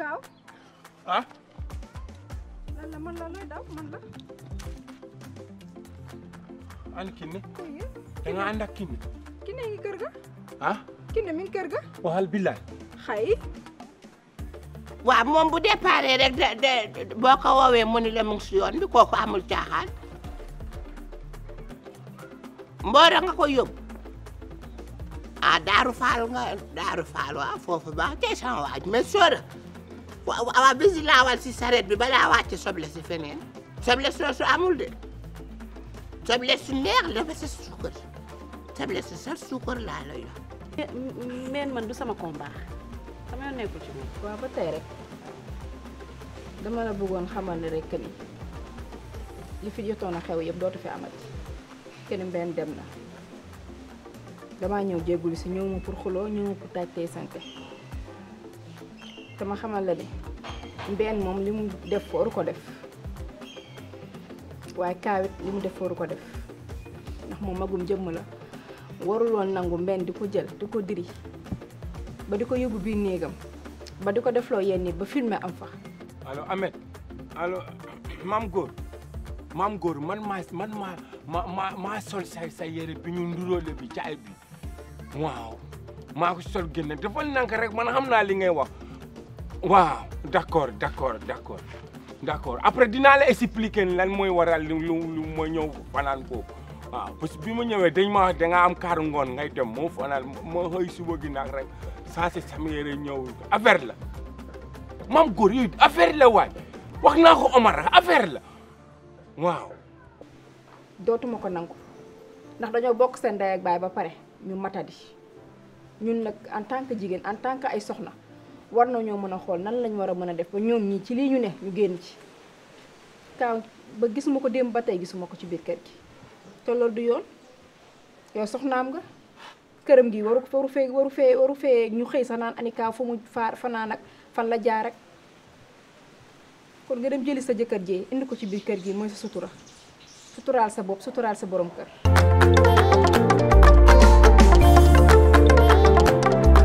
gaaw. ah. lan la man la an kinne. oui. nga ànd ak kinne. kinne ngi kër ga. ah. kinne mi kër ga. waxal billaay. xay. waaw moom bu départ rek de de boo ko woowee mu la mu si yoon bi kooku amul caaxaan. mboora nga ko yóbbu. ah daaru faal nga daaru faal waaw foofu baax tey waaj mais sóora. waaw waaw bisi laawal si sareet bi balaa wàcce soble si feneen soble soosu amul de soble su neex dafa sa suukar soble si sa suukar laa la yor. Eh, meen man du sama combat sama yoon nekkul ci moom. waaw ba tey rek dama la bëggoon xamal ne rek ni li fi jotoon a xew yëpp dootu fi amati kenn mbenn dem na damaa ñëw jéggulu si ñëw pour xuloo ñëw ma pour tey santé te ma xamal mbeen moom li mu def fooru ko def waaye kaawit li mu def fooru ko def ndax moom magum jëmm la warul woon nangu mbenn di ko jël di ko diri ba di ko yóbbu biir néegam ba di ko defloo yenn nit ba filmé am fa allo Ameth allo maam góor maam góor man maa man maa ma ma maa sol say sa yére bi ñu nduróole bi caay bi waaw maa ko sol génne defal nank rek man xam naa li ngay wax waaw d' accord d' accord d' accord accord après dinaa la expliquer lan mooy waral lu lu ma ñëw fanaan foofu parce que bi ma ñëwee dañ ma wax da nga am kaaru ngoon ngay dem moo fanaan ma xëy suba gi nag rek saa si sama yére ñëw affaire la maam góor yooyu affaire la waay wax naa ko Omar affaire la waaw. dootuma ko nangu ndax dañoo bokk seen ndey ak baay ba pare ñu matadi ñun nag en tant que jigéen en tant que ay soxna. war na ñoo mën a xool nan lañ war a mën a def ba ñoom ñii ci lii ñu ne ñu génn ci kaaw ba gisuma ko démb ba tey gisuma ko ci biir kër gi te loolu du yoon yow soxnaam nga këram gi waru waru fee waru fee ñu xëy sa naan ani kaaw fa mu faar fanaan ak fan la jaar ak kon nga dem jëli sa jëkkër jee indi ko ci biir kër gi mooy sa sutura suturaal sa bopp suturaal sa borom kër